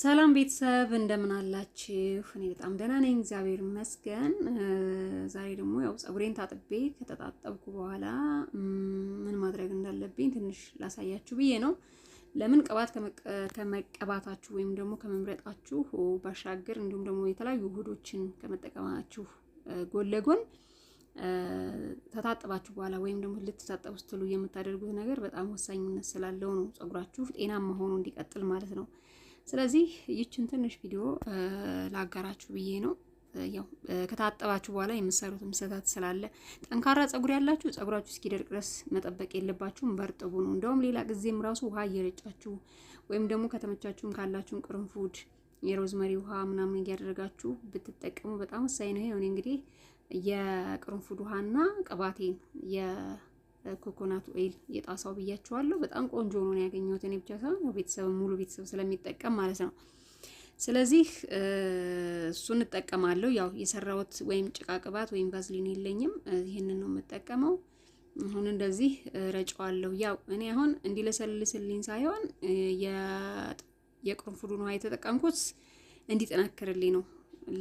ሰላም ቤተሰብ እንደምን አላችሁ? እኔ በጣም ደህና ነኝ፣ እግዚአብሔር ይመስገን። ዛሬ ደግሞ ያው ፀጉሬን ታጥቤ ከተጣጠብኩ በኋላ ምን ማድረግ እንዳለብኝ ትንሽ ላሳያችሁ ብዬ ነው። ለምን ቅባት ከመቀባታችሁ ወይም ደግሞ ከመምረጣችሁ ባሻገር እንዲሁም ደግሞ የተለያዩ ውህዶችን ከመጠቀማችሁ ጎን ለጎን ተታጥባችሁ በኋላ ወይም ደግሞ ልትታጠቡ ስትሉ የምታደርጉት ነገር በጣም ወሳኝነት ስላለው ነው። ፀጉራችሁ ጤናማ ሆኖ እንዲቀጥል ማለት ነው። ስለዚህ ይችን ትንሽ ቪዲዮ ላጋራችሁ ብዬ ነው። ያው ከታጠባችሁ በኋላ የምትሰሩትም ስህተት ስላለ ጠንካራ ፀጉር ያላችሁ ፀጉራችሁ እስኪደርቅ ድረስ መጠበቅ የለባችሁም። በርጥቡ ነው። እንደውም ሌላ ጊዜም ራሱ ውሃ እየረጫችሁ ወይም ደግሞ ከተመቻችሁም ካላችሁም ቅርንፉድ፣ የሮዝመሪ ውሃ ምናምን እያደረጋችሁ ብትጠቀሙ በጣም ወሳኝ ነው። ይሄ እንግዲህ የቅርንፉድ ውሃና ቅባቴ ኮኮናት ኦይል የጣሳው ብያችኋለሁ። በጣም ቆንጆ ነው ያገኘሁት እኔ ብቻ ሳይሆን ቤተሰብ ሙሉ ቤተሰብ ስለሚጠቀም ማለት ነው። ስለዚህ እሱ እጠቀማለሁ። ያው የሰራሁት ወይም ጭቃ ቅባት ወይም ቫዝሊን የለኝም፣ ይህንን ነው የምጠቀመው። አሁን እንደዚህ ረጨዋለሁ። ያው እኔ አሁን እንዲለሰልስልኝ ሳይሆን የቅርንፉዱ ውሃ የተጠቀምኩት እንዲጠናክርልኝ ነው።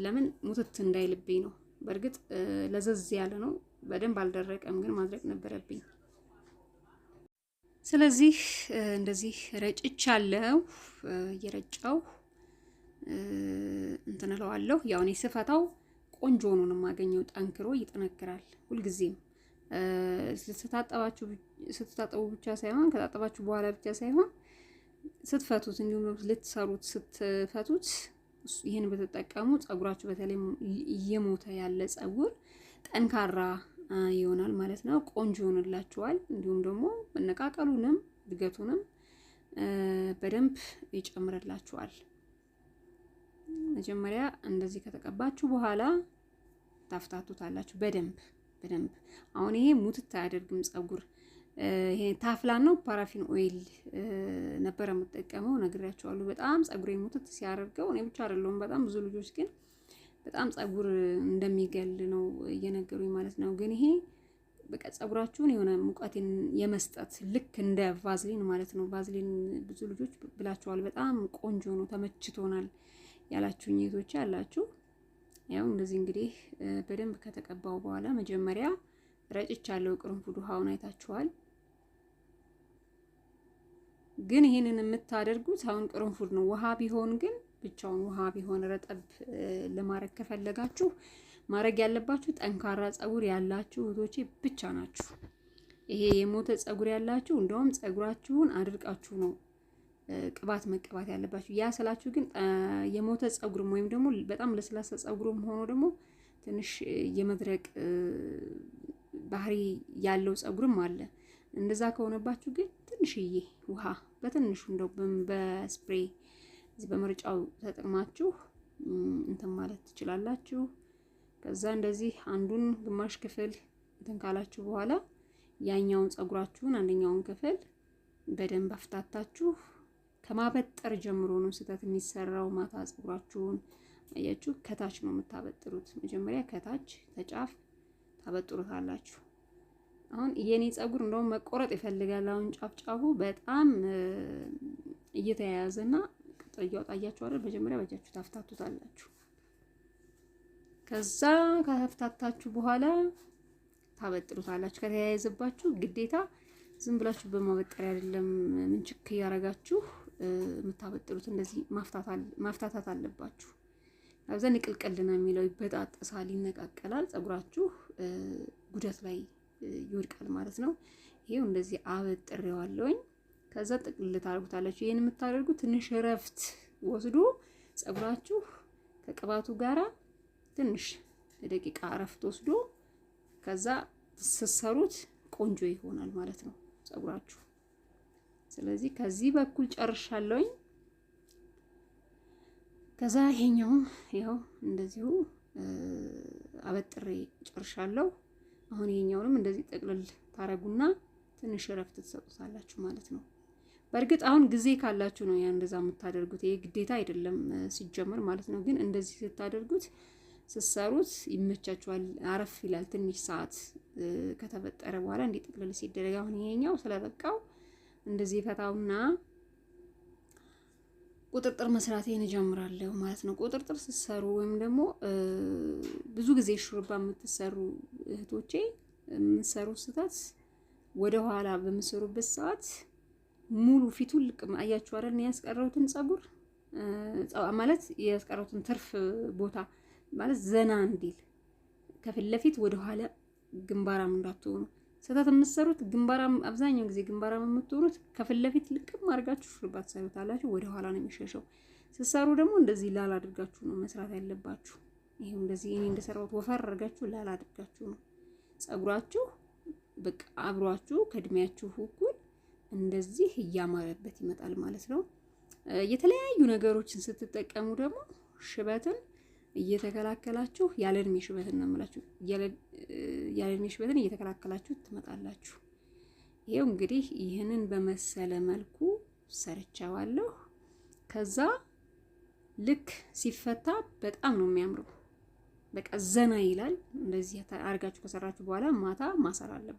ለምን ሙትት እንዳይልብኝ ነው። በእርግጥ ለዘዝ ያለ ነው። በደንብ አልደረቀም፣ ግን ማድረቅ ነበረብኝ። ስለዚህ እንደዚህ ረጭቻለሁ። እየረጨው እንትን እለዋለሁ። ያው እኔ ስፈታው ቆንጆ ነው የማገኘው። ጠንክሮ ይጠነክራል። ሁልጊዜም ስትታጠቡ ብቻ ሳይሆን ከታጠባችሁ በኋላ ብቻ ሳይሆን ስትፈቱት፣ እንዲሁም ልትሰሩት ስትፈቱት ይህን በተጠቀሙ ጸጉራችሁ በተለይ እየሞተ ያለ ጸጉር ጠንካራ ይሆናል ማለት ነው። ቆንጆ ይሆንላችኋል። እንዲሁም ደግሞ መነቃቀሉንም እድገቱንም በደንብ ይጨምርላችኋል። መጀመሪያ እንደዚህ ከተቀባችሁ በኋላ ታፍታቱታላችሁ በደንብ በደንብ። አሁን ይሄ ሙትት አያደርግም ጸጉር። ይሄ ታፍላን ነው ፓራፊን ኦይል ነበረ የምጠቀመው ነግሬያቸዋለሁ። በጣም ጸጉሬ ሙትት ሲያደርገው እኔ ብቻ አይደለሁም፣ በጣም ብዙ ልጆች ግን በጣም ጸጉር እንደሚገል ነው እየነገሩኝ ማለት ነው። ግን ይሄ በቃ ጸጉራችሁን የሆነ ሙቀትን የመስጠት ልክ እንደ ቫዝሊን ማለት ነው። ቫዝሊን ብዙ ልጆች ብላችኋል፣ በጣም ቆንጆ ነው ተመችቶናል ያላችሁ ኝቶች አላችሁ። ያው እንደዚህ እንግዲህ በደንብ ከተቀባው በኋላ መጀመሪያ ረጭቻለሁ። ቅርንፉድ ውሃውን አይታችኋል። ግን ይህንን የምታደርጉት አሁን ቅርንፉድ ነው። ውሃ ቢሆን ግን ብቻውን ውሃ ቢሆን ረጠብ ለማድረግ ከፈለጋችሁ ማድረግ ያለባችሁ ጠንካራ ጸጉር ያላችሁ እህቶቼ ብቻ ናችሁ። ይሄ የሞተ ጸጉር ያላችሁ እንደውም ጸጉራችሁን አድርቃችሁ ነው ቅባት መቀባት ያለባችሁ። ያ ስላችሁ ግን የሞተ ጸጉርም ወይም ደግሞ በጣም ለስላሳ ጸጉርም ሆኖ ደግሞ ትንሽ የመድረቅ ባህሪ ያለው ጸጉርም አለ። እንደዛ ከሆነባችሁ ግን ትንሽዬ ውሃ በትንሹ እንደው በስፕሬ በምርጫው ተጠቅማችሁ እንትን ማለት ትችላላችሁ። ከዛ እንደዚህ አንዱን ግማሽ ክፍል እንትን ካላችሁ በኋላ ያኛውን ፀጉራችሁን አንደኛውን ክፍል በደንብ አፍታታችሁ ከማበጠር ጀምሮ ነው ስህተት የሚሰራው። ማታ ፀጉራችሁን አያችሁ፣ ከታች ነው የምታበጥሩት። መጀመሪያ ከታች ከጫፍ ታበጥሩታላችሁ። አሁን የኔ ፀጉር እንደውም መቆረጥ ይፈልጋል። አሁን ጫፍ ጫፉ በጣም እየተያያዘና ቅጥያው ጣያችሁ አይደል? መጀመሪያ በእጃችሁ ታፍታቱታላችሁ። ከዛ ከፍታታችሁ በኋላ ታበጥሩታላችሁ። ከተያያዘባችሁ ግዴታ ዝም ብላችሁ በማበጠር አይደለም ምንችክ እያረጋችሁ የምታበጥሩት እንደዚህ ማፍታታት አለባችሁ። አብዛ ንቅልቅል ነው የሚለው ይበጣጠሳል፣ ይነቃቀላል። ጸጉራችሁ ጉዳት ላይ ይወድቃል ማለት ነው። ይሄው እንደዚህ አበጥሬዋለሁኝ። ከዛ ጥቅል ታደርጉታላችሁ። ይሄን የምታደርጉት ትንሽ እረፍት ወስዶ ፀጉራችሁ ከቅባቱ ጋራ ትንሽ ለደቂቃ እረፍት ወስዶ ከዛ ስትሰሩት ቆንጆ ይሆናል ማለት ነው ፀጉራችሁ። ስለዚህ ከዚህ በኩል ጨርሻለሁኝ። ከዛ ይሄኛውም ያው እንደዚሁ አበጥሬ ጨርሻለሁ። አሁን ይሄኛውንም እንደዚህ ጥቅልል ታረጉና ትንሽ እረፍት ትሰጡታላችሁ ማለት ነው። በእርግጥ አሁን ጊዜ ካላችሁ ነው ያን እንደዛ የምታደርጉት። ይሄ ግዴታ አይደለም ሲጀመር ማለት ነው። ግን እንደዚህ ስታደርጉት ስትሰሩት ይመቻችኋል፣ አረፍ ይላል። ትንሽ ሰዓት ከተፈጠረ በኋላ እንዲጠቅልል ሲደረግ አሁን ይሄኛው ስለበቃው እንደዚህ ፈታውና ቁጥርጥር መስራቴን እጀምራለሁ ማለት ነው። ቁጥርጥር ስትሰሩ ወይም ደግሞ ብዙ ጊዜ ሹርባ የምትሰሩ እህቶቼ የምትሰሩ ስህተት ኋላ በምትሰሩበት ሰዓት ሙሉ ፊቱን ልቅም አያችሁ አይደል? ያስቀረውትን ጸጉር ማለት ያስቀረውትን ትርፍ ቦታ ማለት ዘና እንዲል ከፊት ለፊት ወደኋላ ግንባራም እንዳትሆኑ ስህተት የምትሰሩት ግንባራም አብዛኛው ጊዜ ግንባራም የምትሆኑት ከፊት ለፊት ልቅም አድርጋችሁ ሹርባት ትሰሩታላችሁ፣ ወደ ኋላ ነው የሚሸሸው። ስትሰሩ ደግሞ እንደዚህ ላላ አድርጋችሁ ነው መስራት ያለባችሁ። ይሄው እንደዚህ እኔ እንደሰራሁት ወፈር አድርጋችሁ ላል አድርጋችሁ ነው ጸጉራችሁ በቃ አብሯችሁ ከእድሜያችሁ እኩል እንደዚህ እያማረበት ይመጣል ማለት ነው። የተለያዩ ነገሮችን ስትጠቀሙ ደግሞ ሽበትን እየተከላከላችሁ ያለ እድሜ ሽበትን ነው የምላችሁ። ያለ እድሜ ሽበትን እየተከላከላችሁ ትመጣላችሁ። ይሄው እንግዲህ ይህንን በመሰለ መልኩ ሰርቻዋለሁ። ከዛ ልክ ሲፈታ በጣም ነው የሚያምረው። በቃ ዘና ይላል። እንደዚህ አርጋችሁ ከሰራችሁ በኋላ ማታ ማሰር አለበት።